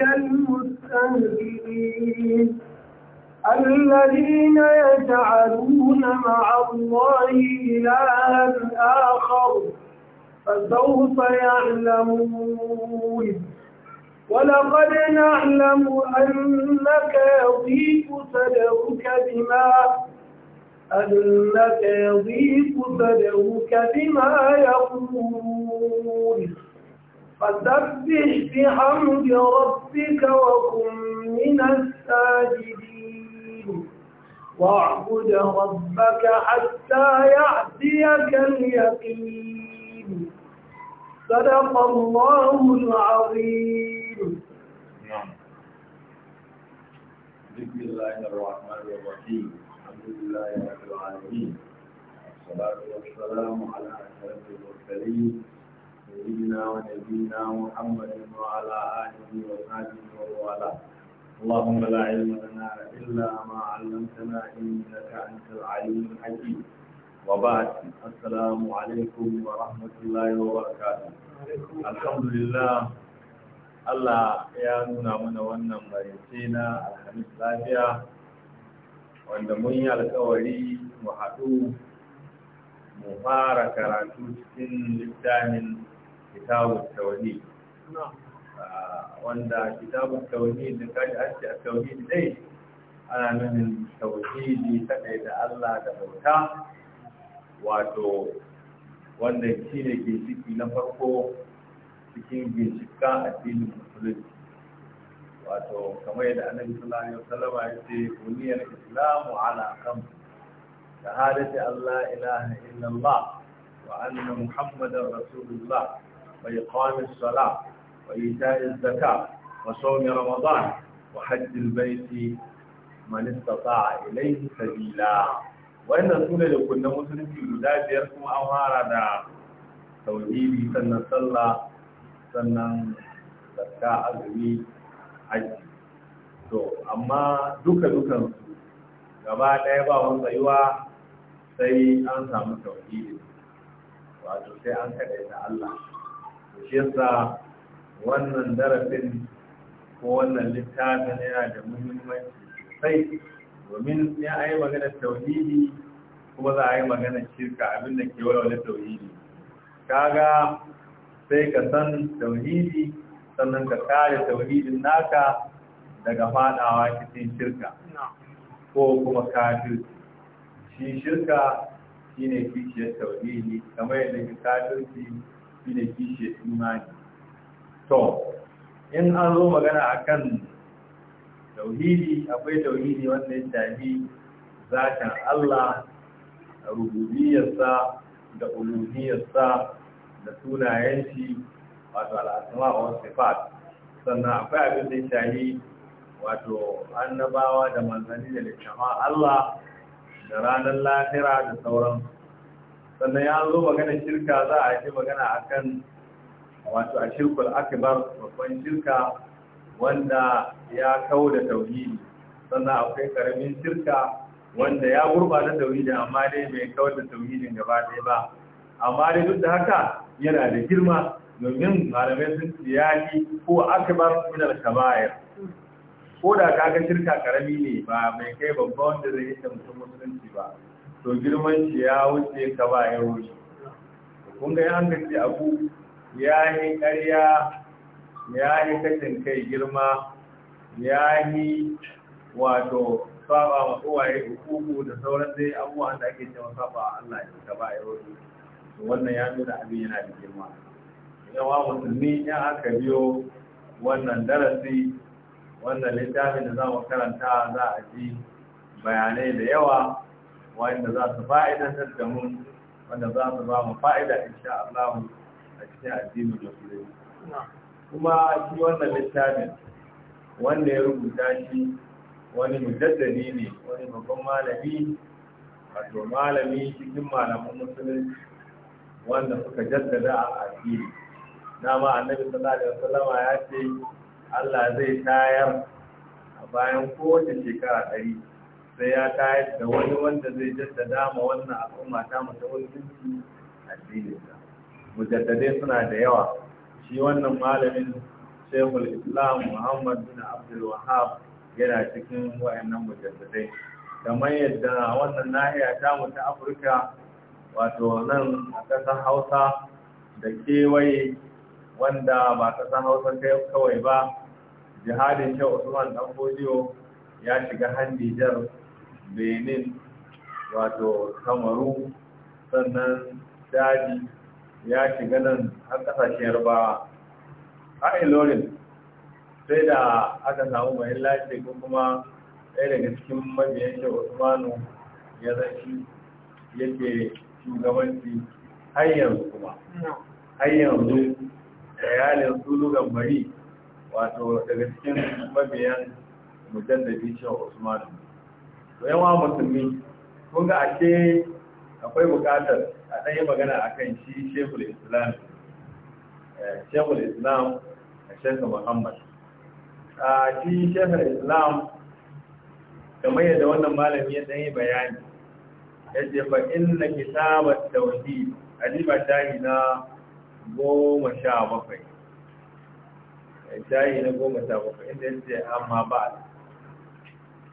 أولئك المستهزئين الذين يجعلون مع الله إلها آخر فسوف يعلمون ولقد نعلم أنك يضيق صدرك بما أنك يضيق صدرك بما يقول فسبح بحمد ربك وكن من الساجدين واعبد ربك حتى يأتيك اليقين صدق الله العظيم نعم بسم الله الرحمن الرحيم الحمد لله رب العالمين والصلاة والسلام على أشرف المرسلين سيدنا ونبينا محمد وعلى آله وصحبه ومن اللهم لا علم لنا إلا ما علمتنا إنك أنت العليم الحكيم وبعد السلام عليكم ورحمة الله وبركاته الحمد لله Allah ya nuna mana wannan bayance na alhamis lafiya wanda mun yi alkawari mu haɗu mu fara karatu cikin littafin kitabun tawani wanda kitabun tawani da kaji ake a tawani dai ana nufin tawani ta da Allah da bauta wato wanda shi ne ginshiki na farko cikin ginshika addinin musulunci wato kamar yadda annabi sallallahu alaihi wasallam ya ce buniyar islamu ala kam shahadati allah ilaha illallah wa anna muhammadar rasulullah وإقام الصلاة وإيتاء الزكاة وصوم رمضان وحج البيت man istata'a ilayhi sabila wannan sune da kunna musulunci guda biyar kuma an fara da tauhidi sannan sallah sannan zakka azumi haji to amma duka dukansu gaba ɗaya ba wani tsayuwa sai an samu tauhidi wato sai an kaɗaita Allah shi wannan darasin ko wannan littafin yana da muhimmanci sosai domin ya a yi magana tauhidi kuma za a yi magana shirka abinda ke walwale tauhidi kaga sai ka san tauhidi sannan ka kare tauhidin naka daga fadawa cikin shirka ko kuma kafirci shi shirka shine kishiyar tauhidi kamar yadda kafirci shi ne imani to in an zo magana akan tauhidi akwai tauhidi wanda ya shafi zakan Allah rububiyarsa da uluhiyarsa da sunayen shi wato al'asma wa sifat sannan akwai abin da ya shafi wato annabawa da manzanni da littama Allah da ranar lahira da sauransu sannan ya zo magana shirka za a yi magana akan wato a shirkul akbar babban shirka wanda ya kawo da tauhidi sannan akwai karamin shirka wanda ya da tauhidi amma dai bai kawo da tauhidin gaba ɗaya ba amma dai duk da haka yana da girma domin malamai sun tsiyaki ko akbar min al-kaba'ir ko da kaga shirka karami ne ba mai kai babban wanda zai yi mutum musulunci ba to girman shi ya wuce ka ba ya wuce kun ga yan abu ya yi ƙarya ya yi kashin kai girma ya yi wato saba ma kowaye hukuku da sauran dai abubuwan da ake cewa saba Allah ya ka ba ya wuce wannan ya nuna abin yana da girma wa musulmi yan aka biyo wannan darasi wannan littafin da za mu karanta za a ji bayanai da yawa wanda za su fa'idar da mu wanda za su ba mu fa'ida insha Allah a cikin addinin musulmi kuma shi wannan littafin wanda ya rubuta shi wani mujaddadi ne wani babban malami wato malami cikin malaman musulunci wanda suka jaddada a addini dama annabi sallallahu alaihi wasallama ya ce Allah zai tayar a bayan kowace shekara ɗari sai ya tayar da wani wanda zai jaddada ma wannan al'umma ta mata wani addini addininsa mujaddadai suna da yawa shi wannan malamin shehul islam muhammad bin abdul wahab yana cikin wayannan mujaddadai kamar yadda wannan nahiya ta mu ta afirka wato nan a ƙasar hausa da kewaye wanda ba ƙasar hausa kawai ba jihadin shehu usman dan ya shiga handijar benin wato kamaru sannan daji ya shiga nan har kasashen yarbawa a ilorin sai da aka samu mai lashe ko kuma ɗaya daga cikin mabiyan shi usmanu ya zaci yake shugabanci har yanzu kuma har yanzu bari wato daga cikin mabiyan mujallabi shi usmanu da yawa musulmi kun ga ashe akwai bukatar a ɗaya magana a kan shi shekul islam eh, shekul islam a shekul muhammad a shi shekul islam kamar yadda wannan malami ya ɗaya bayani ya ce fa inna kitabar tauhid adiba shahi na goma sha bakwai eh, shahi na goma sha bakwai inda ya ce amma ba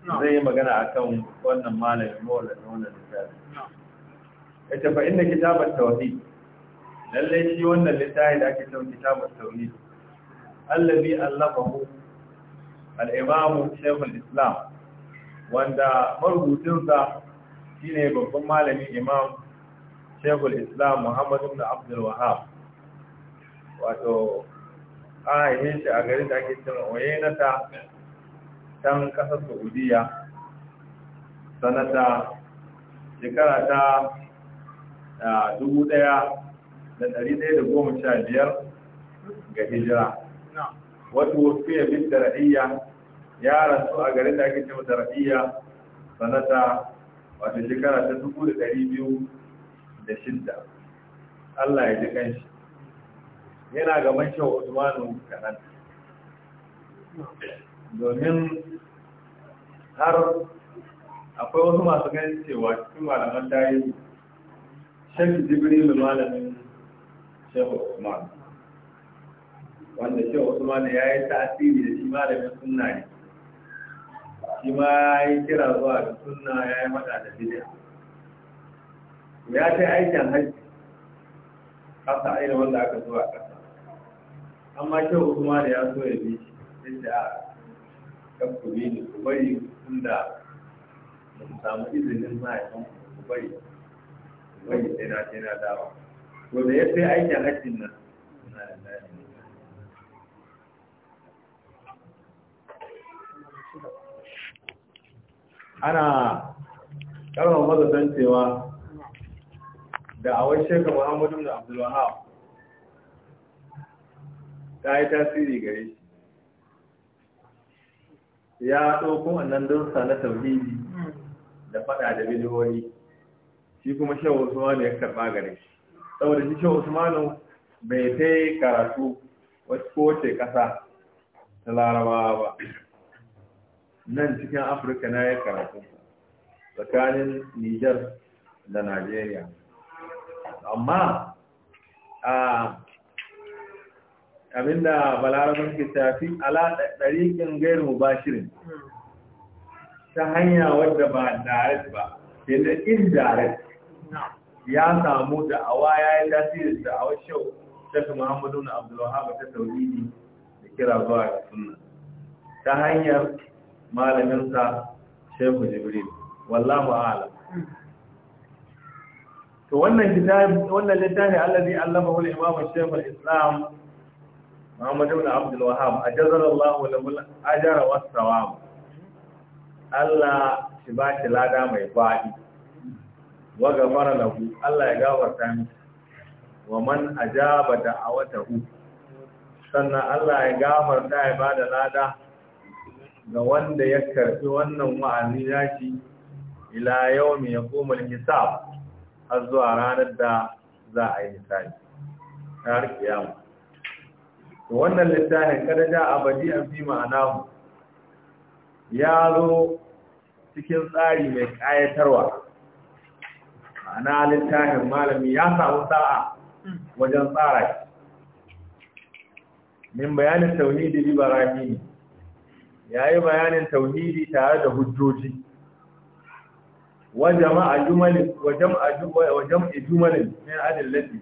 zai yi magana a kan wannan malami mawalar da wannan littafi ya tafa inda kitabar tauri, lallai shi wannan littafi da ake cewa kitabar tauhid allazi allafahu al Al'imamu shaykhul islam wanda shi shine babban malami imam shaifin islam Muhammadu da abdul wahab wato a shi a garin da ake cewa oyenata can kasar saudiya sanata shekara ta dubu ɗaya da ɗari ɗaya da goma sha biyar ga hijira wata wafiya bin dara'iyya ya rasu a garin da ake cewa dara'iyya sanata wata shekara ta dubu da ɗari biyu da shidda Allah ya ji kanshi yana gaban shan Usmanu kanan domin har akwai wasu masu ganin cewa cikin malaman dayi shafi jibrilu malamin shehu usman wanda shehu usman ya yi tasiri da shi malamin sunna ne shi ma ya yi kira zuwa da sunna ya yi mada da bidiya ya ta aikin hajji kasa aina wanda aka zuwa kasa amma shehu usman ya so ya bi shi yadda ya kubi ne ku bari tunda da mu samu izinin mahaifin bai bari bari sai na dawa to da ya sai aikin hajjin nan suna da dadi ana maza mazatan cewa da wani shekaru muhammadu da Abdullahi ta yi tasiri gare shi ya ɗauko wannan darussa na tauhidi da faɗa da bidiyoyi shi kuma shehu usmanu ya karɓa gare shi saboda shi shehu usmanu bai ta yi karatu kowace ƙasa ta larabawa ba nan cikin afirka na ya karatu tsakanin niger da nigeria amma ah, abinda balarabar ke tafi ala ɗariƙin gairu mubashirin ta hanya wadda ba direct ba da na indirect ya samu da awa ya yi tasiri da awa shau shafi muhammadu na abdullahaba ta tauridi da kira zuwa da sunna ta hanyar malaminsa shaifu jibril wallahu ala to wannan littafi allazi allama wal imam shaifu islam Muhammad ibn Abdul Wahhab ajazara Allah lahu ajra was sawab Allah shi ba shi lada mai fadi wa gafara lahu Allah ya gafarta mishi wa man ajaba da'awatahu sannan Allah ya gafarta ya bada lada ga wanda ya karfi wannan wa'azi ya ci, ila yawmi yaqumul hisab har zuwa ranar da za a yi hisabi har kiyama wannan littafin kada ja abadi an fi mu ya zo cikin tsari mai kayatarwa ana littafin malami ya samu sa'a wajen tsara shi. min bayanin tauhidi ne. ya yi bayanin tauhidi tare da hujjoji wajen a jumalin min adillati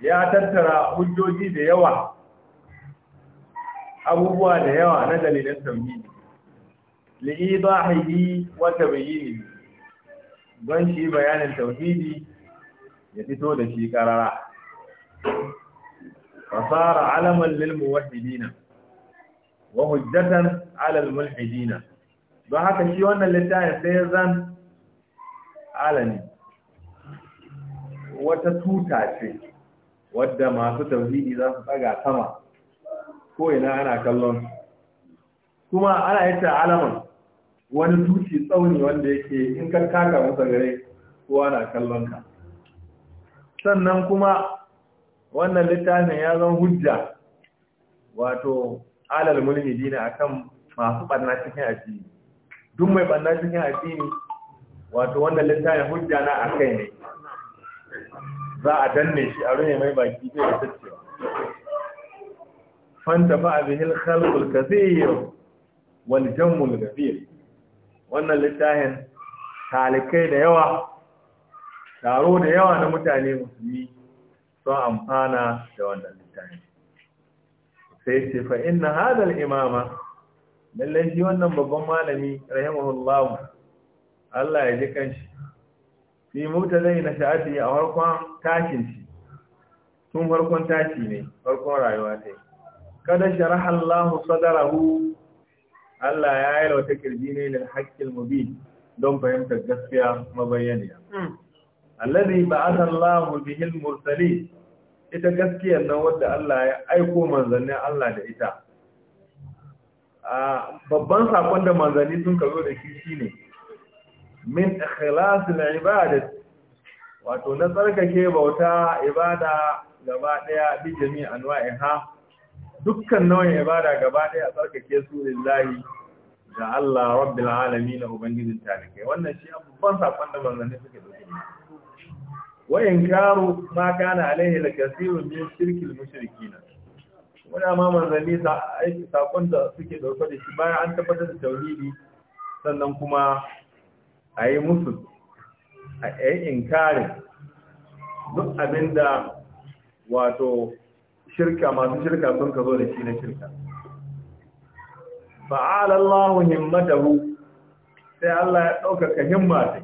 ya tattara hujjoji da yawa abubuwa da yawa na dalilan tauhidi li'idahihi wa tabayyini don shi bayanin tauhidi ya fito da shi karara fasara alaman lil muwahhidina wa hujjatan ala al mulhidina don haka shi wannan littafin sai zan alani wata tuta ce wadda masu tauhidi za su tsaga sama ko ina ana kallon kuma ana yi alaman wani tuci tsauni wanda yake in ka taka masa gare kowa na kallon ka sannan kuma wannan littafin ya zan hujja wato alal mulmi dina akan masu ɓanna cikin addini duk mai ɓanna cikin addini wato wannan littafin hujja na akai ne za a danne shi a rune mai baki zai da tacewa فانتفع به الخلق الكثير والجم الكثير wannan littafin talikai da yawa taro da yawa na mutane musulmi sun amfana da wannan littafin sai ce fa inna hadal imama lallai shi wannan babban malami rahimahullahu Allah ya ji kanshi fi mutazai na sha'adi a farkon tashin shi tun farkon tashi ne farkon rayuwa ta yi kada sharaha Allah sadarahu Allah ya yi wata kirji ne lil haqqil mubin don fahimtar gaskiya mabayyaniya hmm. alladhi ba'atha Allah bihi al mursalin ita gaskiya nan wadda Allah ya aiko manzannin Allah da ita babban sakon da manzanni sun kazo da shi shine min al ibadat wato na tsarkake bauta ibada gaba daya bi jami'an wa'iha dukkan nau'in ibada gaba ɗaya a tsarkake su lillahi ga Allah rabbil alamin na ubangijin talikai wannan shi babban sakon da manzanni suke dauke da wa karu ma kana alaihi lakasiru min shirkil mushrikin wala ma manzanni sa aiki sakon da suke dauke da shi bayan an tabbatar da tauhidi sannan kuma ayi musu a yi inkarin duk abinda wato shirka masu shirka sun ka zo da shi na shirka fa'ala Allahu himmatahu sai Allah ya ɗaukaka himma ta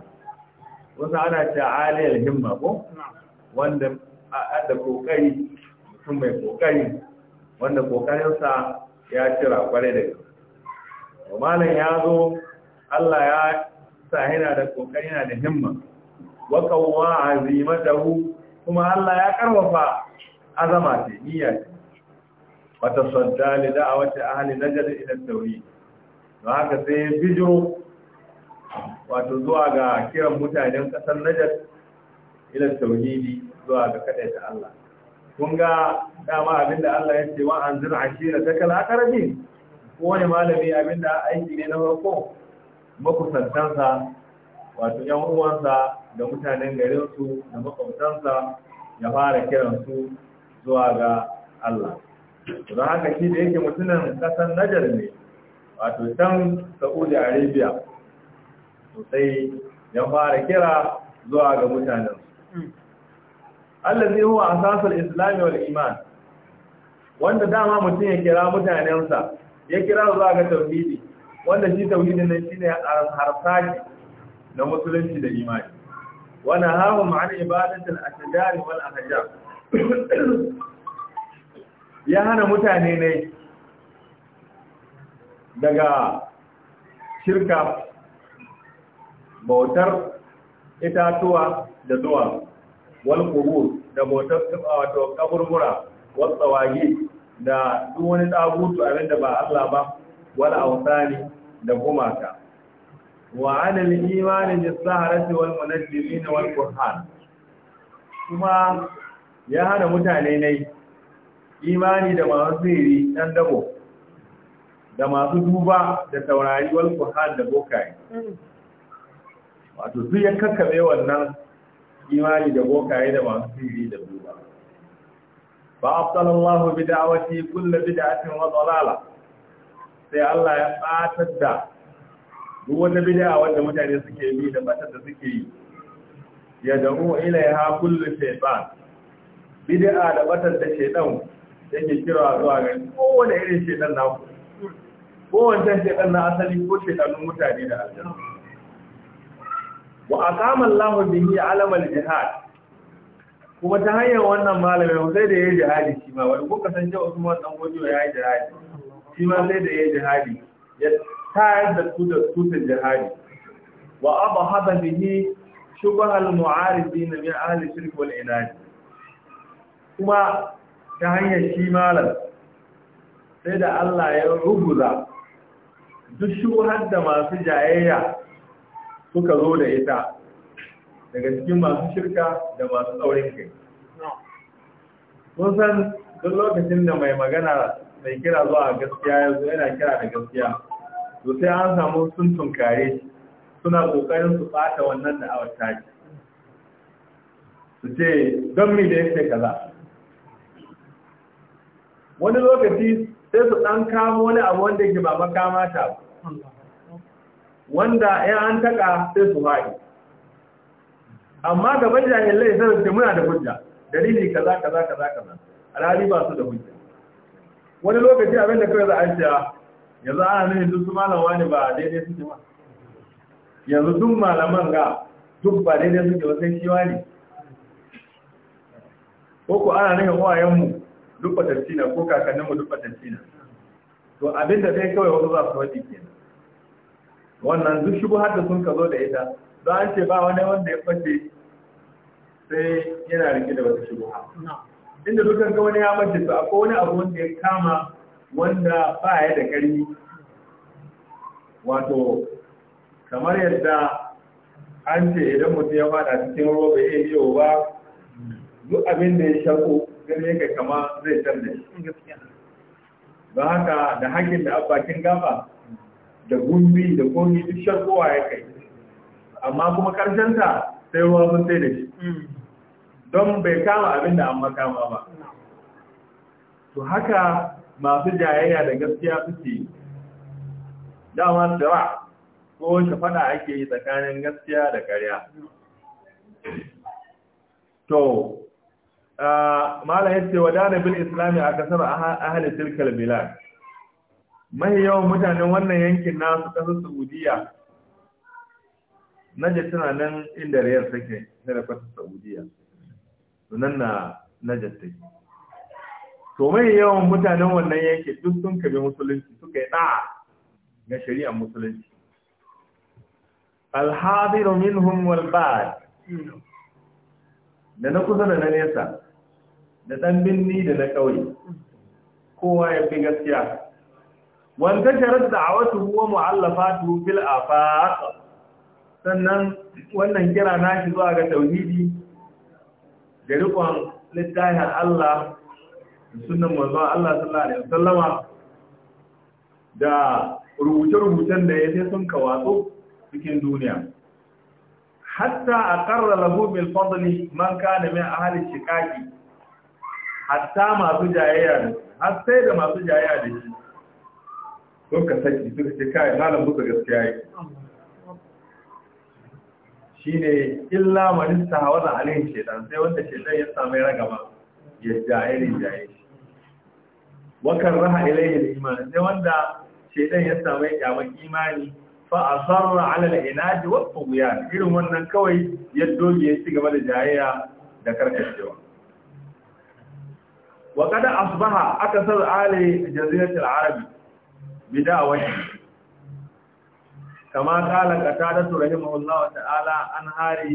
wasu ana ce aliyar himma ko wanda da kokari mutum mai kokari wanda kokarinsa ya cira kware da gaske malam ya zo Allah ya sa yana da kokari yana da himma wa qawwa azimatahu kuma Allah ya karwafa azama ce niyya ce wata sadda li da'awati ahli najd ila tawhid don haka sai bijiro wato zuwa ga kiran mutanen kasar najd ila tawhid zuwa ga kadaita Allah kun ga dama abinda Allah ya ce wa anzir ashira takal Ko wani malami abinda aiki ne na farko makusantansa wato yan uwansa da mutanen garinsu da makwabtansa ya fara kiransu zuwa ga Allah don haka shi da yake mutunan kasan najar ne wato can saudi arabia sosai ya fara kira zuwa ga mutanen Allah zai huwa asasul islami wal iman wanda dama mutum ya kira mutanensa ya kira zuwa ga tauhidi wanda shi tauhidi nan a harsashi na musulunci da imani wa nahahum an ibadatil ashjar wal ahjar ya hana mutane ne daga shirka bautar itatuwa da zuwa wal da bautar wato kaburbura wasu tsawagi da duk wani tsagutu abinda da ba Allah ba wal ausani da gumaka wa anil imani bis saharati wal munajjimin wal qur'an kuma ya hana mutane ne imani da masu sihiri ɗan dabo da masu duba da taurari wal kuhan da bokaye mm. wato su ya kakkabe wannan imani da bokaye da masu sihiri da duba ba afsalallahu bi da'awati kullu bid'atin wa dalala sai Allah ya batar da duk wata bid'a wanda mutane suke yi da matar da suke yi ya da'u ilaiha kullu shaytan bid'a da batar da shedan yake kira zuwa ga kowane irin shedan na ku kowancan shedan na asali ko shedanun mutane da aljanna wa aqama Allahu bihi alamal jihad kuma ta hanyar wannan malamin sai da yayi jihadi shi ma wani kuka san cewa Usman dan gojo yayi jihadi shi ma sai da yayi jihadi ya tayar da su da tutar jihadi wa abahaba bihi shubha al-mu'aridin min ahli shirk wal inadi kuma ta hanyar shi malam sai da Allah ya ruguza, duk shuhar da masu jayayya suka zo da ita daga cikin masu shirka da masu tsaurin kai san duk lokacin da mai magana mai kira zuwa gaskiya yanzu yana kira da gaskiya to sai an samu sun tunkare suna kokarin su bata wannan da awata su ce don me da yake kaza wani lokaci sai su ɗan kama wani abu wanda yake ba makama ta wanda ya an taƙa sai su haɗi amma gaban jahilai sai su muna da hujja dalili kaza kaza kaza kaza alhali ba su da hujja wani lokaci abinda kawai za a cewa yanzu ana nuna duk su malama ne ba daidai suke ba yanzu duk malaman ga duk ba daidai suke ba sai shiwa ne ko ku ana nufin wayanmu duk ko kakannin mu fatantina to abin da zai kawai wasu za su faɗi kenan wannan duk shi har da sun ka zo da ita don an ce ba wani wanda ya fashe sai yana rike da wata shigo inda dukkan ga wani ya mace su akwai wani abu wanda ya kama wanda ba ya da ƙarfi wato kamar yadda an ce idan mutum ya fada cikin roba ya yi ba duk abin da ya shako gane ka kama zai canza ba mm, haka da hakin da abakin gaba da gumbi da komi duk sharkowa ya kai amma kuma karshenta sai ruwa sun sai da shi mm. don bai kama abin da an makama ba to haka masu jayayya da gaskiya suke dama tsira ko shi fada ake yi tsakanin gaskiya da karya to malam ce wadana bil islami a kasar ahalin tilkal bilad mahi yawan mutanen wannan yankin nasu kasar saudiya najar tana nan inda riyar take na da kasar saudiya sunan na najar take to mahi yawan mutanen wannan yankin duk sun kabi musulunci suka yi ga shari'ar musulunci alhadiru minhum wal ba'd da na kusa da na nesa da ɗan binni da na ƙauye kowa ya fi gaskiya wanda sharar da'awatu huwa mu'allafatu a faɗa. sannan wannan kira nashi zuwa ga tauhidi da rikon littafin Allah da sunan Allah sallallahu alaihi da rubuce-rubucen da ya sun kawatsu cikin duniya hatta a lahu bil fadli man kana min ahli shiqaqi hatta masu jayayya da har sai da masu jayayya da shi sun ka saki suka ce kai malam buka gaskiya yi shi ne illa manista wadda alihin shedan sai wanda shedan ya sami ragama ya ne jayayya wa wakar raha al-iman sai wanda shedan ya sami kyaman imani fa a al alal wa wasu wuya irin wannan kawai ya doge ya ci gaba da jayayya da karkashewa wa kada asbaha akasar ali jaziratul arabi bidawati kama qala qatada Allah ta'ala an hari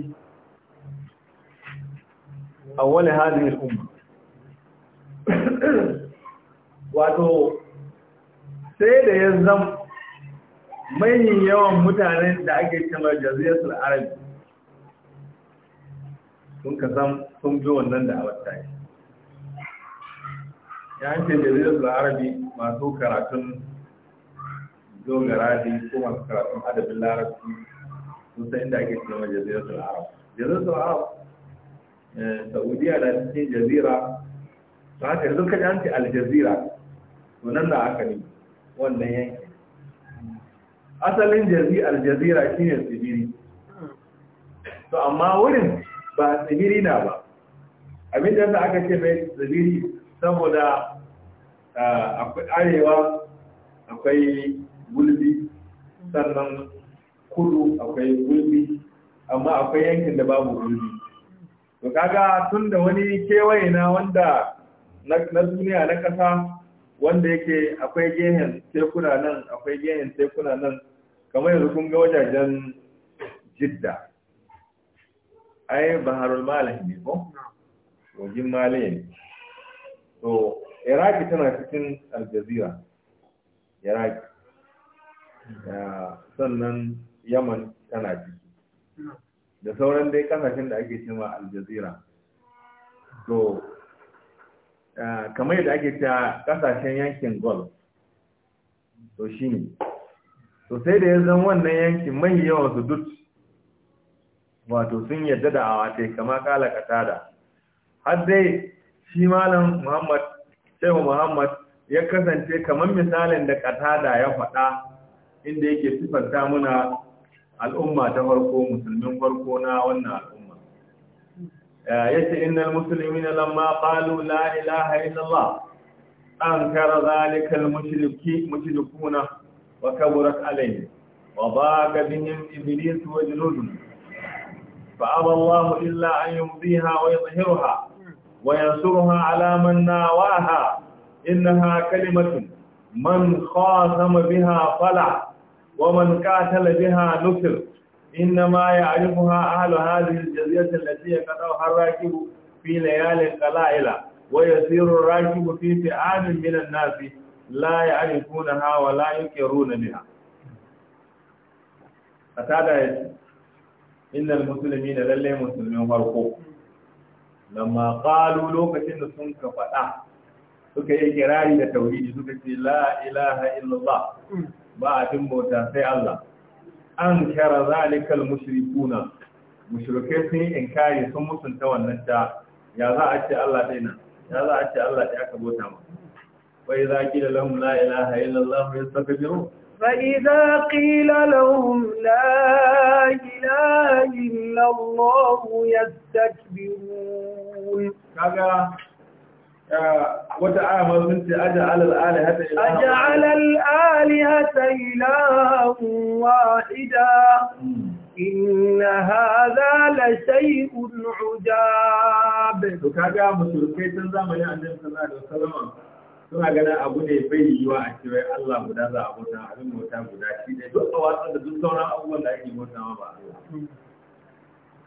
awwal hadhihi al-umma wato sai da ya zama mai yawan mutanen da ake cewa jaziratul arabi sun ka san sun bi wannan da awar ya ce jaridar arabi masu karatun dogara ko masu karatun adabin larabci Sosai inda ake cewa jaridar arab jaridar arab eh, saudiya da cikin jazira ta haka yanzu kan yanci aljazira to nan da aka ne wannan yankin asalin jazi aljazira shine tsibiri to amma wurin ba tsibiri na ba abin da aka ce mai tsibiri saboda Ah, akwai arewa akwai gulbi sannan kudu akwai gulbi amma akwai yankin da babu gulbi to kaga tun da wani kewaye na wanda na duniya na kasa wanda yake akwai gehen tekuna nan akwai gehen tekuna nan kamar yanzu kun ga wajajen jidda ai baharul malam ne ko kogin malaye ne to iraki tana cikin aljazeera iraki sannan yaman tana ciki da sauran dai kasashen da ake cewa aljazeera to kamar yadda ake cewa kasashen yankin Gol to shi ne to sai da ya zan wannan yankin mai yawan su duk wato sun yadda da awa kama kala katada har dai shi malam muhammad shehu muhammad ya kasance kamar misalin da katada ya faɗa inda yake sifanta muna al'umma ta farko musulmin farko na wannan al'umma eh, yace innal muslimina lamma qalu la ilaha illallah ankara zalikal al mushriki mushrikuna wa kaburat alayhi wa baqa bihim iblis wa junuduhu فأبى الله إلا أن يمضيها ويظهرها وينصرها على من ناواها إنها كلمة من خاصم بها فلع ومن كاتل بها نكر إنما يعرفها أهل هذه الجزية التي يقطعها الراكب في ليالي قلائل ويسير الراكب في فعام من الناس لا يعرفونها ولا يكرون منها أتابع إن المسلمين للي مسلمين فرقوا lamma qalu lokacin da sun faɗa suka yi kirari da tauhidi suka ce la ilaha illallah ba abin bauta sai Allah an shara zalikal mushrikuna mushrikai sun yi inkari sun mutunta wannan ta ya za a ce Allah dai ya za a Allah bauta ma فإذا قيل لهم لا إله إلا الله يستكبرون kaga wata aya ma sun ce aja alal alihata ilaha aja alal alihata ilaha wahida inna hadha la shay'un ujab to kaga musulmai tun zamanin annabi sallallahu alaihi wasallam suna ganin abu ne bai yi wa a cewa Allah guda za a bauta abin mota guda shi ne duk da wasan da duk sauran abubuwan da ake bauta ma ba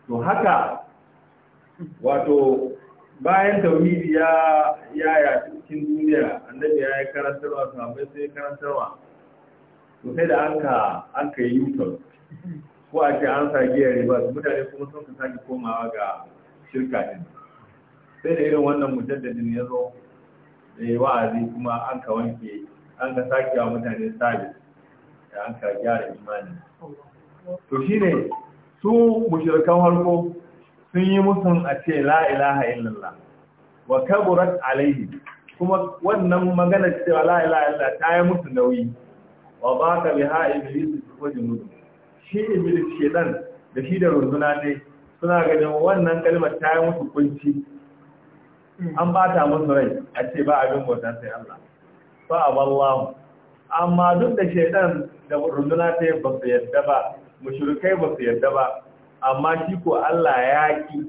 to haka wato bayan tauhidi ya ya cikin duniya annabi ya yi karantarwa sahabbai sai karantarwa to sai da anka anka yi yutar ko a ce an sa giya riba mutane kuma sun ka sake komawa ga shirka din sai da irin wannan mujaddadin ya zo da wa'azi kuma an ka wanke an ka sake wa mutane sabis da an ka gyara imani to shine su mushirkan harko sun yi mutum a ce la ilaha illallah wa kaburat alaihi kuma wannan magana cewa la ilaha illallah ta yi musu nauyi wa baka biha iblis ko junudu shi iblis shedan da shi da runduna ne suna ganin wannan kalmar ta yi musu kunci an bata musu rai a ce ba abin wata, sai Allah fa wallahu amma duk da shedan da runduna ta yi ba su yadda ba mushrikai ba su yadda ba amma shi ko Allah ya ki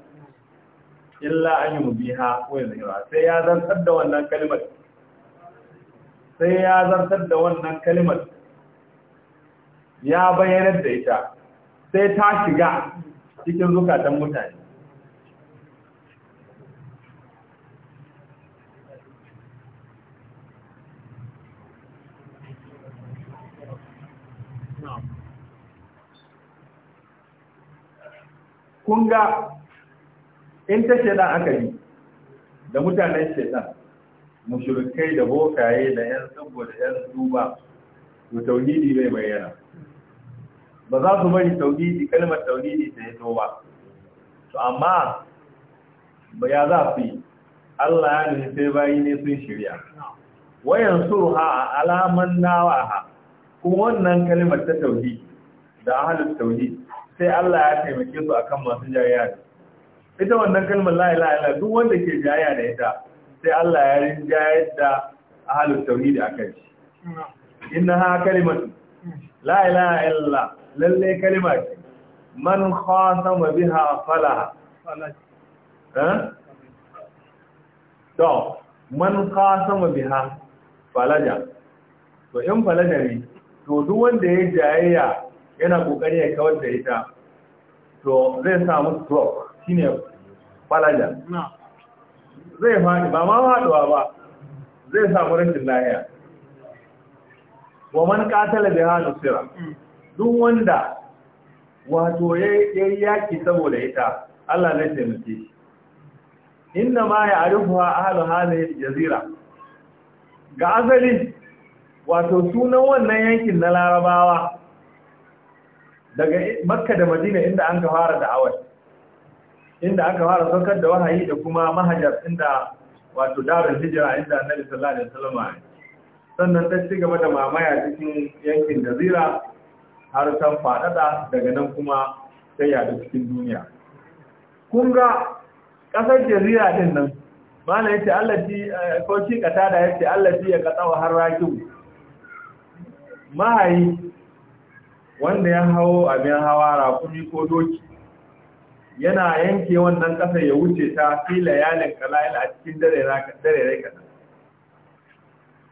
illa an yi mubiha ko ya sai ya zartar da wannan kalimar sai ya zartar da wannan ya da ita sai ta shiga cikin zukatan mutane kun ga in ta shaidan aka yi da mutanen shaidan mushrikai da bokaye da yan tsibbo da yan duba to tauhidi bai bayyana ba za su bari tauhidi kalmar tauhidi ta yi ba to amma ba ya za su yi Allah ya nufi sai bayi ne sun shirya wayan surha a alaman nawa ha kuma wannan kalmar ta tauhidi da ahalin tauhidi sai Allah ya taimake su akan masu jayayya da ita wannan kalmar la ilaha illa duk wanda ke jayayya da ita sai Allah ya rinjayar da ahlul tauhid akan shi ha kalimatu la ilaha illa lalle kalima ce man khasama biha falaha to man khasama biha falaja to in falaja ne to duk wanda ya jayayya yana kokari ya kawar da ita to zai samu stroke shine balaja zai faɗi ba ma faɗuwa ba zai samu rashin lahiya wa man qatala biha nusira mm. duk wanda wato yayi yaki saboda ita Allah zai taimake shi inna ma ya'rifuha ahlu hadhihi al-jazira ga azali wato sunan wannan yankin na Larabawa daga makka da madina inda an ka fara da'awar inda aka fara saukar da wahayi da kuma mahajar inda wato darul hijira inda annabi sallallahu alaihi wasallam sannan ta ci gaba da mamaya cikin yankin jazira har san fadada daga nan kuma sai ya cikin duniya kun ga kasar jazira din nan mana yace Allah ti eh, ko shi kata da yace Allah ti ya katsawa har rakin mahayi wanda ya hawo abin hawa rakumi ko doki yana yanke wannan kasa ya wuce ta fi layalin kalayil a cikin dare rai kasa.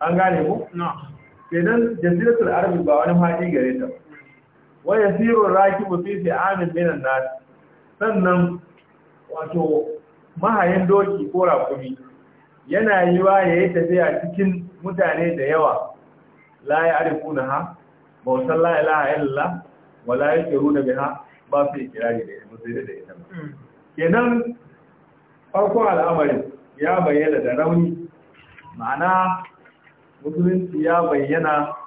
an gane ku? kenan jaziratul arabi ba wani faɗi gare ta ba wa raki mu fi amin minan na sannan wato mahayin doki ko rakumi yana yi wa ya yi tafiya cikin mutane da yawa la ya arifu na ha bautar la ilaha illallah wala yakiruna biha ba su ikirari da musulmi da ita hmm. kenan farko al'amarin ya bayyana da rauni ma'ana musulunci ya bayyana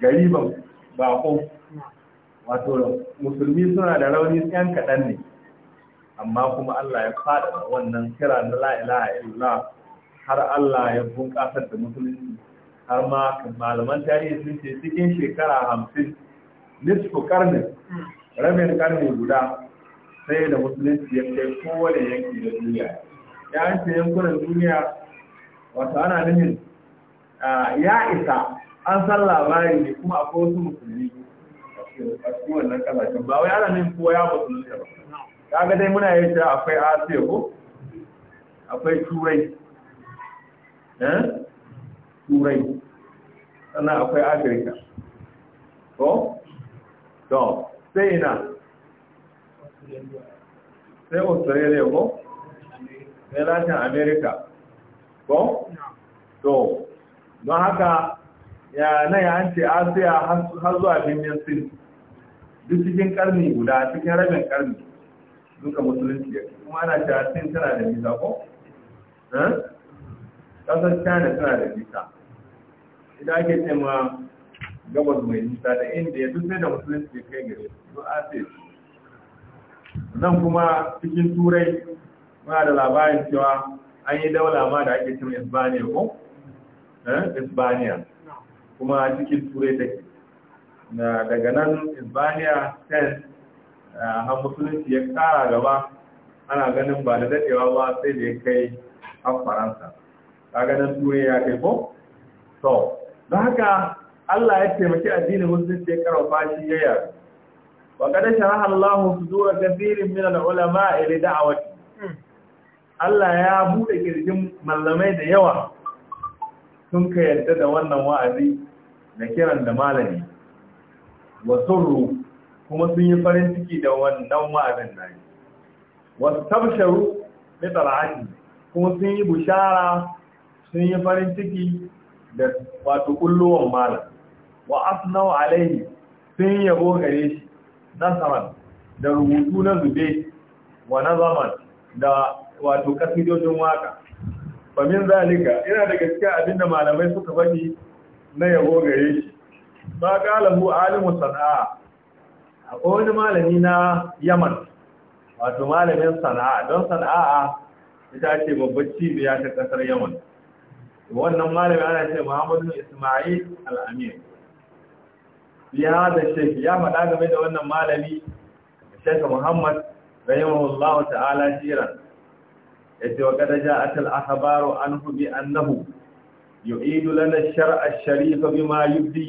gariban bakon wato musulmi suna da rauni yan kaɗan ne amma kuma Allah ya faɗa wannan kira na la'ilaha har Allah ya bunƙasar da musulunci har ma malaman tarihi sun ce cikin shekara hamsin nisfu karni rabin karni guda sai da musulunci ya kai kowane yanki da duniya ya an ce yankunan duniya wato ana nufin ya isa an san labari ne kuma akwai wasu musulmi a cikin wannan kasashen ba wai ana nufin kowa ya musulunci ba kaga dai muna yin cewa akwai asiya ko akwai turai eh turai sannan akwai afirka ko? don sai ina sai australia ko? sai latin america ko? to don haka ya na ya an ce asiya har zuwa birnin sin duk cikin karni guda cikin rabin karni duka musulunci ya kuma ana cewa sin tana da nisa, ko? kasar eh? china tana da nisa. idan ake ce ma gabas mai nisa da indiya duk sai da musulunci ya kai gare su asis nan kuma cikin turai muna da labarin cewa an yi daula ma da ake cin isbaniya ko? Eh, isbaniya kuma cikin turai da na daga nan isbaniya 10 a musulunci ya kara gaba ana ganin ba da dadewa ba sai da ya kai a faransa ka ganin turai ya kai ko? to don haka Allah ya taimaki addinin musulunci ya karfafa shi ya yaro wa kada sharaha Allahu sudura kathirin min al-ulama ila da'awati Allah ya bude kirjin mallamai da yawa sun ka yarda da wannan wa'azi na kiran da malami wa surru kuma sun yi farin ciki da wannan wa'azin nan wa tabsharu bi tar'ati kuma sun yi bushara sun yi farin ciki da wato kulluwan malam wa asnau alaihi sun yabo gare shi nasaman da rubutu na zube wa na zaman da wato kasidojin waka famin zalika ina daga cikin abinda malamai suka faɗi na yabo gare shi ba galabu alimu sana'a A wani malami na yaman wato malamin sana'a don sana'a ita ce babbar cibiya ta ƙasar yaman wannan malami ana ce Muhammadu Ismail al-Amin ya da shek ya faɗa game da wannan malami Sheikh Muhammad rahimahullahu ta'ala shiran yace wa kada ja'at al-akhbaru anhu bi annahu yu'idu lana ash-shar'a ash-sharif bima yubdi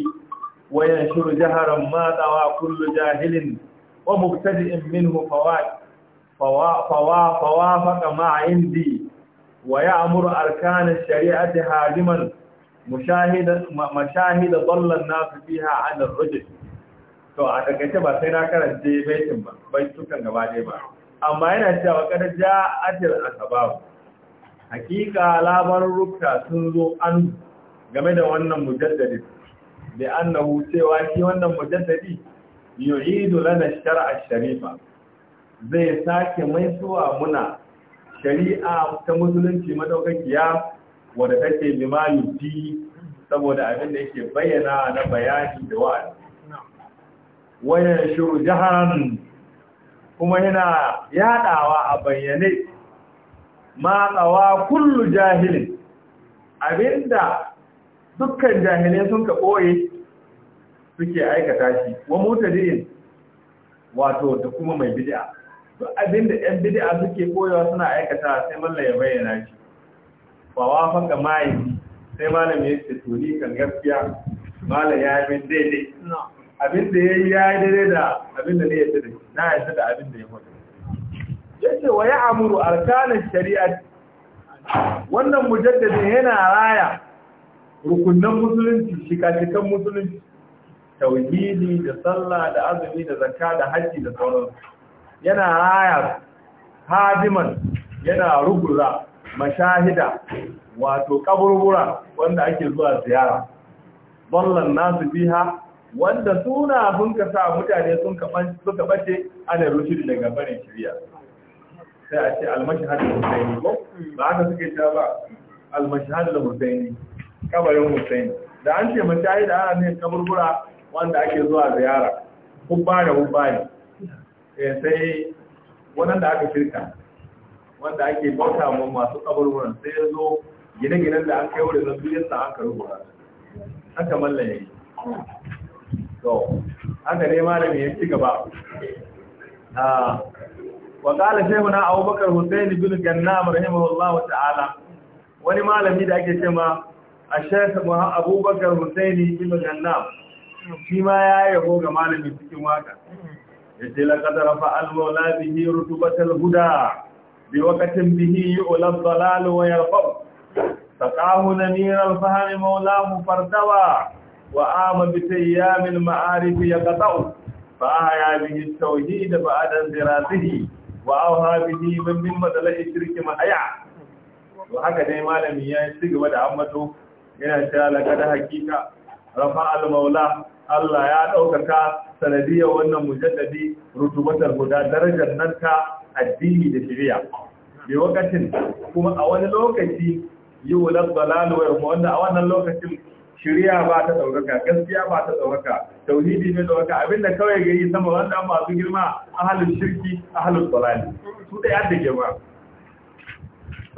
wa yanshuru jaharan ma tawa kullu jahilin wa mubtadi'in minhu fawaid fawa fawa fawa ma 'indi ويأمر أركان الشريعة هادما مشاهد مشاهد ضل الناس فيها عن الرجل to a takaice ba sai na karanta baitin ba baitukan gaba dai ba amma yana cewa kada ja atil asbab hakika labar rukta sun zo an game da wannan mujaddadi da annahu cewa shi wannan mujaddadi yu'idu lana shar'a sharifa zai sake mai suwa muna shari'a ta musulunci madaukakiya wadda take limayu ji saboda abin da yake bayyana na bayani da wa'azi wayan shiru jahan kuma yana yadawa a bayyane matsawa kullu jahilin abinda dukkan jahilai sun ka ɓoye suke aikata shi wa mutadirin wato da kuma mai bid'a duk abin da ‘yan bid'a suke koyawa suna aikata sai mallam ya bayyana shi ba wa faka mai sai malam ya ce ni kan gaskiya malam ya yi daidai abin da ya yi ya yi daidai da abin da ne ya tsiri na ya da abin da ya faɗi ya ce wa ya amuru arkanin shari'a wannan mujaddadin yana raya rukunan musulunci shikashikan musulunci tauhidi da sallah da azumi da zakka da Haji da sauransu yana raya hadiman yana rubura mashahida wato kaburbura wanda ake zuwa ziyara ballan nasu biha wanda suna sun ka sa mutane sun ka bace ana rushid daga barin shirya sai a ce almashahadul husaini ko ba ka suke ta ba almashahadul husaini kabarin husaini da an ce mashahida ana ne kaburbura wanda ake zuwa ziyara kubba da kubba ne Eh, sai wannan da aka shirka wanda ake bauta ma masu kaburburan sai ya zo gine-ginen da an yi wurin zan biyar sa aka rubuta haka mallan yayi to haka ne malami ya ci gaba a ah, wa qala shaykhuna abubakar hussein bin gannam rahimahullahu ta'ala wani malami da ake cewa ash abu abubakar hussein bin gannam shi ma ya yabo ga malami cikin waka yace laqad rafa al-mawla bihi rutubatal huda bi waqtin bihi yu'la ad-dalal wa yarfa faqahu namir al-fahm mawlahu fartawa wa ama bi tayyam al-ma'arif yaqta'u fa'aya bihi at-tawhid ba'da dirasihi wa awha bihi min shirki ma aya to haka dai malami ya ci gaba da ambato yana cewa laqad hakika. rafa al-maula Allah ya ɗaukaka sanadiyar wannan mujaddadi rutubatar guda darajar nan ta addini da shari'a bi wakatin kuma a wani lokaci yi wular dalalu wa wanda a wannan lokacin shari'a ba ta ɗaukaka gaskiya ba ta ɗaukaka tauhidi ne ɗaukaka abinda kawai ga yi sama wanda masu girma ahalin shirki ahalin dalali su da yadda girma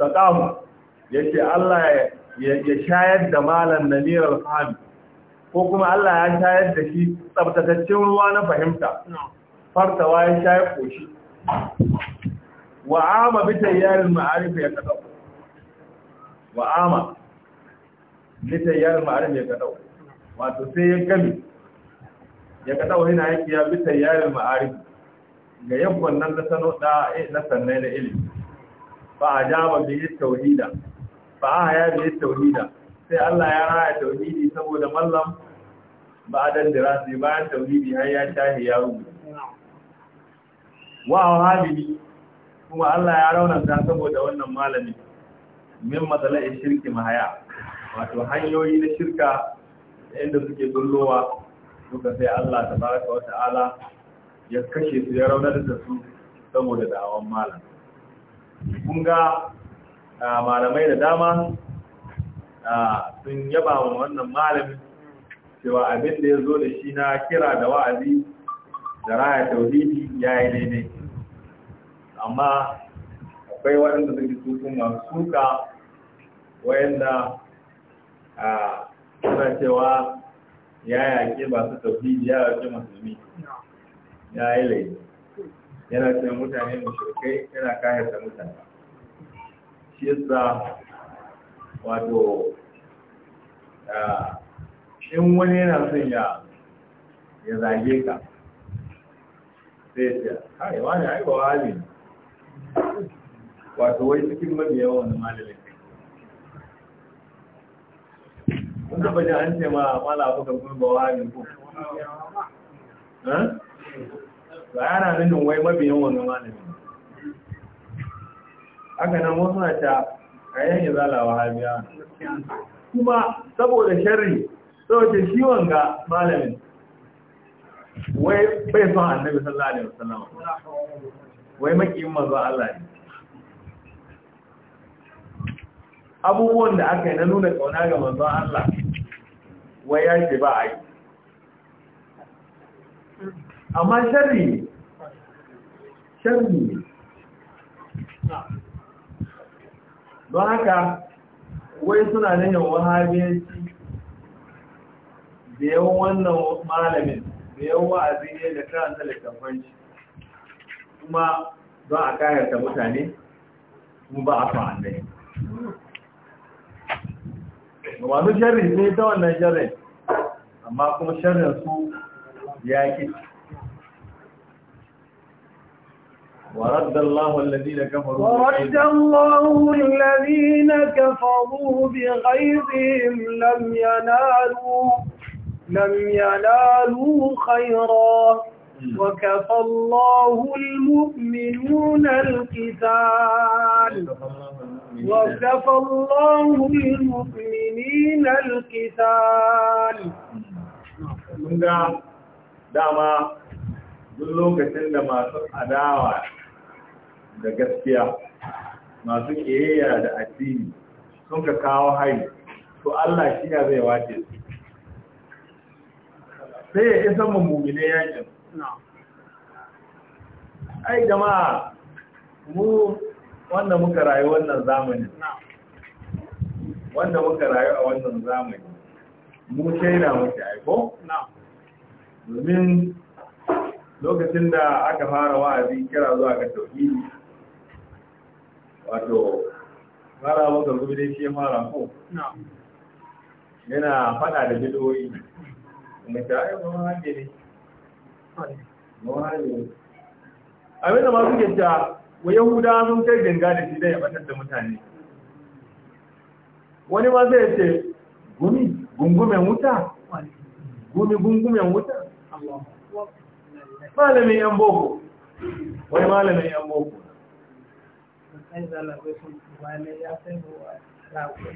sakamu yace Allah ya shayar da malan namirar fahimi ko kuma Allah ya shayar da shi tsabtataccen ruwa na fahimta fartawa ya shayar koshi wa ama bitan yarin ma'arifa ya kadau Wa'ama ama yarin ma'arifa ya kadau wato sai ya gami ya kadau yana yake ya bitan yarin ma'arifa ga yabbon nan na sano da eh, na sanne da ilimi ba a jaba bihi tauhida ba a haya bihi tauhida sai Allah ya raya tauhidi saboda mallam ba dan sai bayan tauhidi har ya tahi ya rubuta wa wahabi kuma Allah ya raunanta saboda wannan malami min in shirki mahaya wato hanyoyi na shirka inda suke bullowa suka sai Allah ta baraka wa ta'ala ya kashe su ya raunar da su saboda da'awan malam kun ga ah, malamai da dama ah, sun yaba wa wannan malamin. cewa abin da ya zo da shi na kira da wa'azi da raya tauhidi ya yi daidai amma akwai waɗanda suke tukun masu suka wayanda a suna cewa ya yaƙi masu tauhidi ya yaƙi musulmi ya yi laifi yana ce mutane mashirkai yana kayata mutane shi yasa wato in wani yana son ya ya zage ka sai ce kai wani ai ba wani wato wai cikin mabiya wani malamin kun taba ji an ce ma mala kuka kun ba wani ko ba yana nufin wai mabiyan wani malamin haka nan wasu na ta kayan zalawa wahabiya kuma saboda sharri saboda shi wanga malamin wai bai son annabi sallallahu alaihi wasallam wai makiyin manzon Allah ne abubuwan da aka yi na nuna kauna ga manzon Allah wai ya ce ba a yi amma shari ne sharri ne don haka wai suna nan yawan wahabiyanci biyan wannan malamin biyan wa'azi ne da karanta littafan shi kuma don a kayarta mutane kuma ba a fa'an dai masu sharri ne ta wannan sharrin amma kuma sharrin su ya ki ورد الله الذين كفروا ورد الله الذين كفروا بغيظهم لم ينالوا لم ينالوا خيرا وكفى الله المؤمنون القتال وكفى الله المؤمنين القتال dama duk lokacin da masu adawa da gaskiya masu ƙiyayya da addini sun ka kawo hari to Allah shi ya zai wace su sai ya isa mummune yakin ai jama'a mu wanda muka rayu wannan zamani wanda muka rayu a wannan zamani mu shaida muke aiko domin lokacin da aka fara wa'azi kira zuwa ga tauhidi wato fara maka gobe shi fara ko yana fada da bidoyi mashayar muhaji ne muhaji abin da masu gyanta wa yahuda sun kai ganga da shi dai a batar da mutane wani ma zai ce gumi gungumen wuta gumi gungumen wuta malamin yan boko wani malamin yan boko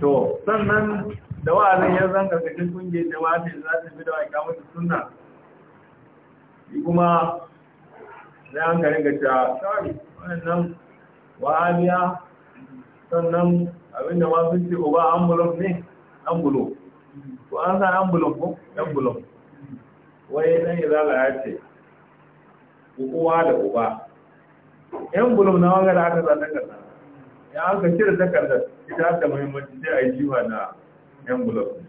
to sannan da wa'azin ya zanga cikin kungiyar jama'a ce za ta bi da waƙa mata suna shi kuma na an karin ga ta shari wannan wa'abiya sannan abinda ma sun ce uba ambulon ne ambulo ko an sa ambulon ko ambulon wai dan izala ya ce uwa da uba ambulon na wanga da aka zata kasa ya aka cire takardar ita da muhimmanci sai a yi jiwa na envelope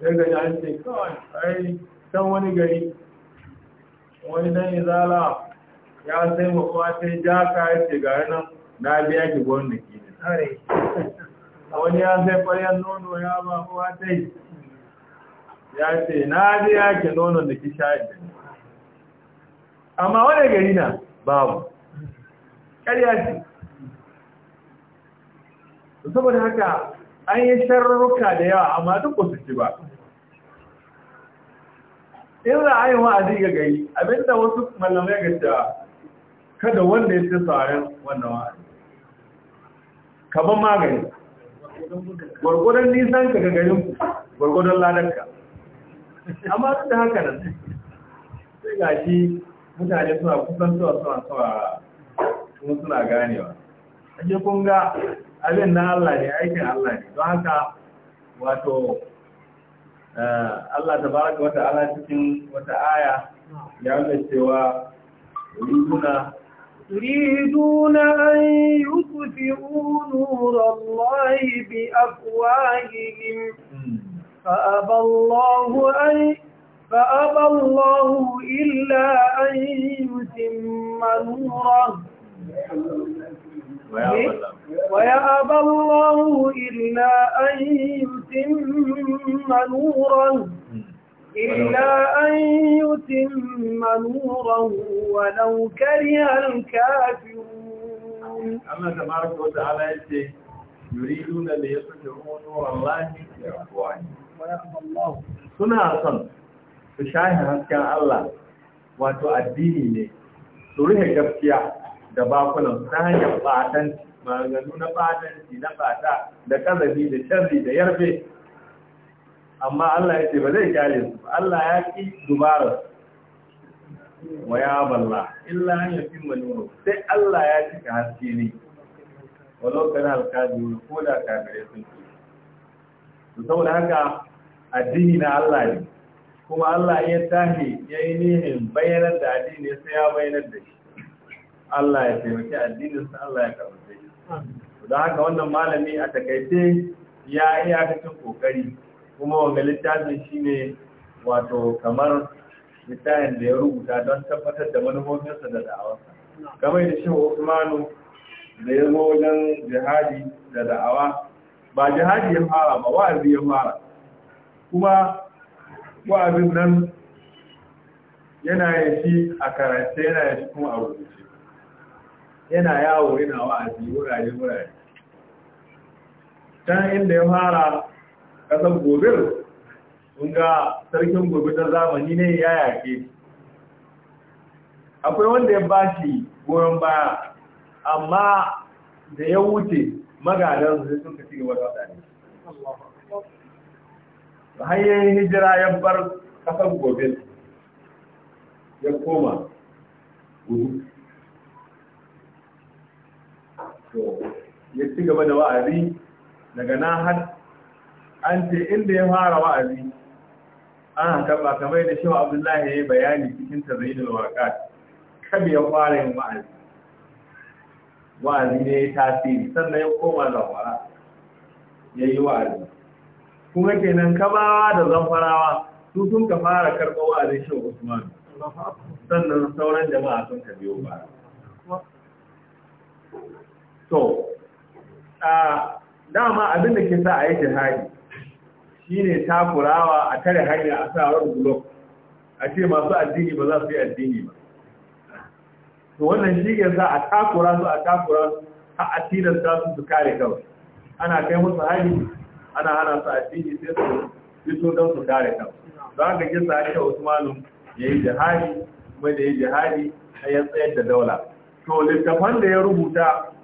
sai ga ya ce kawai ai can wani gari wani dan izala ya sai makuwa sai jaka ya ce ga nan na biya ki da ki ne wani ya sai ƙwaryar nono ya ba kuwa sai ya ce na biya ki nono da ki sha shaɗi amma wani gari na babu ƙarya ce saboda haka an yi sharruka da yawa amma duk ba su ci ba in za a yi wa'azi ga gari abinda wasu malamai ga cewa kada wanda ya ce sauran wannan wa'azi kaban magani gwargwadon nisan ka ga garin gwargwadon ladarka amma duk da haka nan sai ga shi mutane suna kusan suwa suna suwa kuma suna ganewa ake kun ga abin na Allah ne aikin Allah ne don haka wato eh, Allah ta baraka wata ala cikin wata aya ya nuna cewa yuriduna yuriduna an yutfi'u nurallahi bi afwahihim hmm. fa aballahu an فأبى الله إلا أن يتم نوره ويأبى الله ويأبى الله إلا أن يتم نورا إلا أن يتم نورا ولو كره الكافرون أما تبارك وتعالى يريدون ليطلعوا نور الله بأفواههم ويأبى الله سنة أصلا تشاهد كان الله وتؤديني addini ne su rufe gaskiya da bakunan maganu na fatanci na fata da kazabi da sharri da yarfe amma Allah ya ce ba zai kyale su Allah ya ki dubara wa ya balla illa an yafi manuro sai Allah ya cika haske ne walau kana alkaji ko da kafirai sun ci to saboda haka addini na Allah ne kuma Allah ya tahi ya yi nihin bayanar da addini sai ya bayanar da shi Allah ya taimaki addininsa Allah ya shi da haka wannan malami a takaice ya iya cikin kokari kuma wanga littafin shine wato kamar littafin da ya rubuta don tabbatar da manufofinsa da da'awarsa kamar da shi Usmanu da ya zo wajen jihadi da da'awa ba jihadi ya fara ba wa'azi ya fara kuma wa'azin nan yana yin a karanta yana yin kuma a rubuce yana yawo yana wa'azi wurare wurare can inda ya fara ƙasar gobe ga sarkin gobe ta zamani ne ya yake akwai wanda ya bashi goyon baya amma da ya wuce magadan su sun ka cigaba da wadane hanyar hijira ya bar ƙasar gobe ya koma ya ci gaba da wa'azi daga nan har an ce inda ya fara wa'azi an taba kamar da shehu abdullahi ya yi bayani cikin tazayyinul warqat kabe ya fara yin wa'azi wa'azi ne ya tasiri sannan ya koma zamfara ya yi wa'azi kuma kenan kabawa da zamfarawa su sun ka fara karɓar wa'azin shehu usman sannan sauran jama'a sun ka biyo ba to a dama abin da ke sa a yi jihadi shine takurawa a tare hanyar a sa blok a ce masu addini ba za su yi addini ba to wannan shi ke sa a takura su a takura su a su su kare kawai ana kai musu hali ana hana su addini sai su fito don su kare kawai za ka ji sa wasu usmanu ya yi jihadi kuma da ya yi jihadi a yi tsayar da daula to littafan da ya rubuta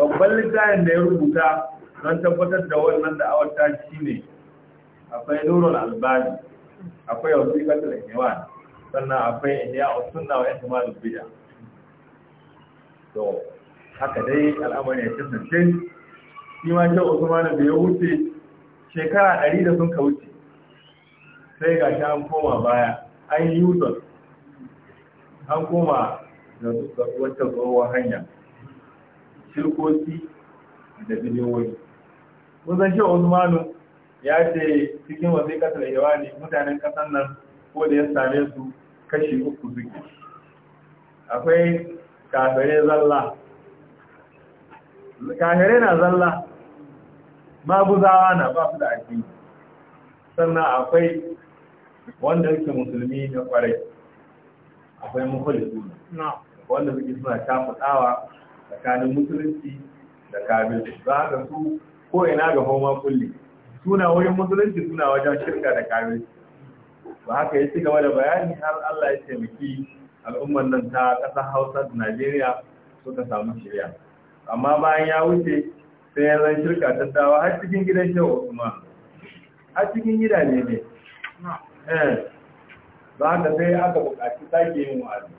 babban littafin da ya rubuta don tabbatar da wannan da ta shi ne akwai nurul albani akwai wasiqatul ihwan sannan akwai ihya suna wa ihmalul bid'a to haka dai al'amari ya kasance shi ma shi Usman da ya wuce shekara ɗari da sun ka wuce sai ga shi an koma baya an yi yuton an koma da wata tsohuwar hanya shirkoki da biliyoyi mun san shi Usmanu ya ce cikin wasu wasiƙatar Iwani mutanen ƙasar nan ko da ya same su kashi uku suke akwai kafare zalla na zalla maguzawa na ba su da addini sannan akwai wanda yake musulmi na kwarai akwai mukhlisu wanda suke suna shafi tsawa tsakanin musulunci da kafirci za ga su ko ina ga homa kulli suna wurin musulunci suna wajen shirka da kafirci ba haka ya ci gaba da bayani har Allah ya taimaki al'ummar nan ta ƙasar Hausa da Najeriya suka samu shirya amma bayan ya wuce sai ya zan shirka ta dawa har cikin gidan shehu Usman har cikin gidaje ne eh ba haka sai aka buƙaci sake yin wa'azi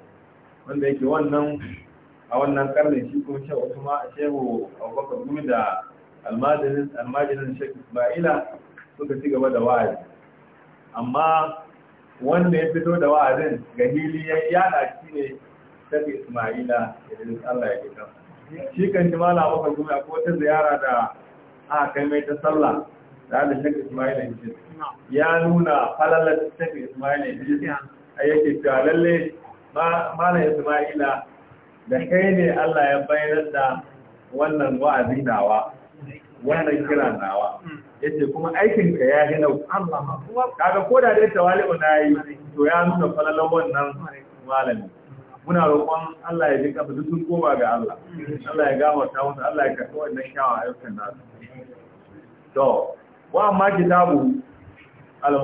wanda yake wannan a wannan karni shi kuma shehu kuma shehu abubakar gumi da almajirin shek ismaila suka ci gaba da wa'azi amma wanda ya fito da wa'azin ga hili ya yada shi ne shek ismaila idris allah ya kika shi kan ji mala abubakar gumi akwai wata ziyara da a kai mai ta sallah da da shek ismaila ya ya nuna falalar shek ismaila ya a yake cewa lalle malam ismaila da kai ne Allah ya bayar da wannan wa'azi nawa wannan kira nawa yace kuma aikin ka ya hina Allah kaga ko da dai tawali'u na yi to ya nuna falalan wannan malami muna roƙon Allah ya ji kafa duk koma ga Allah Allah ya ta musu Allah ya karɓi wannan shawa ayyukan nasu to wa amma kitabu al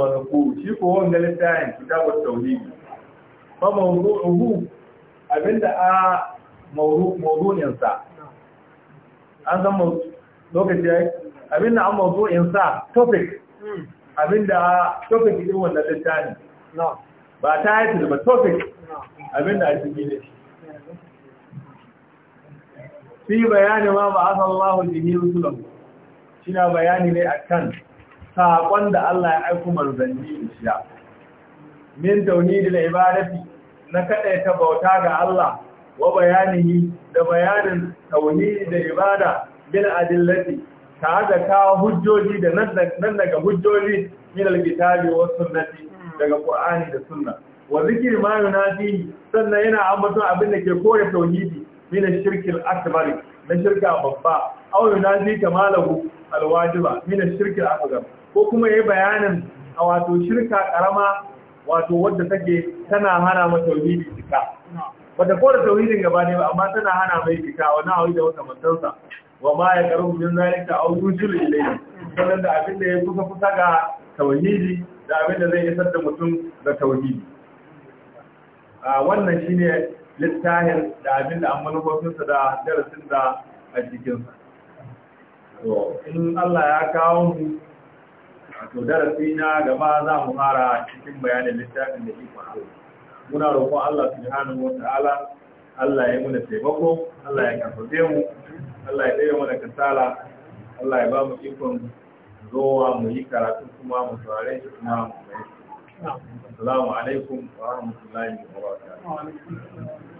shi ko wannan littafin kitabu tauhid fa mawdu'uhu abinda a maudu'insa an san lokaci abinda an maudu'insa topic abinda a topic ɗin wannan ne ba ta haiti ba topic abinda a cikin ne fi bayani ma ba asan Allah jini rusulun shi na bayani ne a kan saƙon da Allah ya aiku marzanni da shiya min tauni da ibadati na ta bauta ga Allah wa bayanihi da bayanin tauhidi da ibada bil adillati ta da ka hujjoji da nan daga hujjoji min alkitabi wa sunnati daga qur'ani da sunna wa zikr ma yunadi sannan yana ambaton abin da ke kore tauhidi min ash-shirki al-akbar na shirka babba aw yunafi kamalahu al-wajiba min ash-shirki al-akbar ko kuma yayi bayanin a wato shirka karama wato wadda take tana hana ma tauhidi fita bata da tauhidin gaba ne ba amma tana hana mai fita wani hawi da wata mantansa wa ma ya karu min zalika aw yusul ilayhi sannan da abin da ya kusa kusa ga tauhidi da abin da zai isar da mutum ga tauhidi a wannan shine littafin da abin da an manufofinsa da darasin da a jikinsa. in Allah ya kawo mu to darasi na gaba za mu fara cikin bayanin littafin da ikon Allah muna roƙon Allah subhanahu wa ta'ala Allah ya muna taimako Allah ya karfafe mu Allah ya ɗaya mana kasala Allah ya ba mu ikon zowa mu yi karatu kuma mu saurare shi kuma mu mai Assalamu alaikum wa rahmatullahi wa barakatuh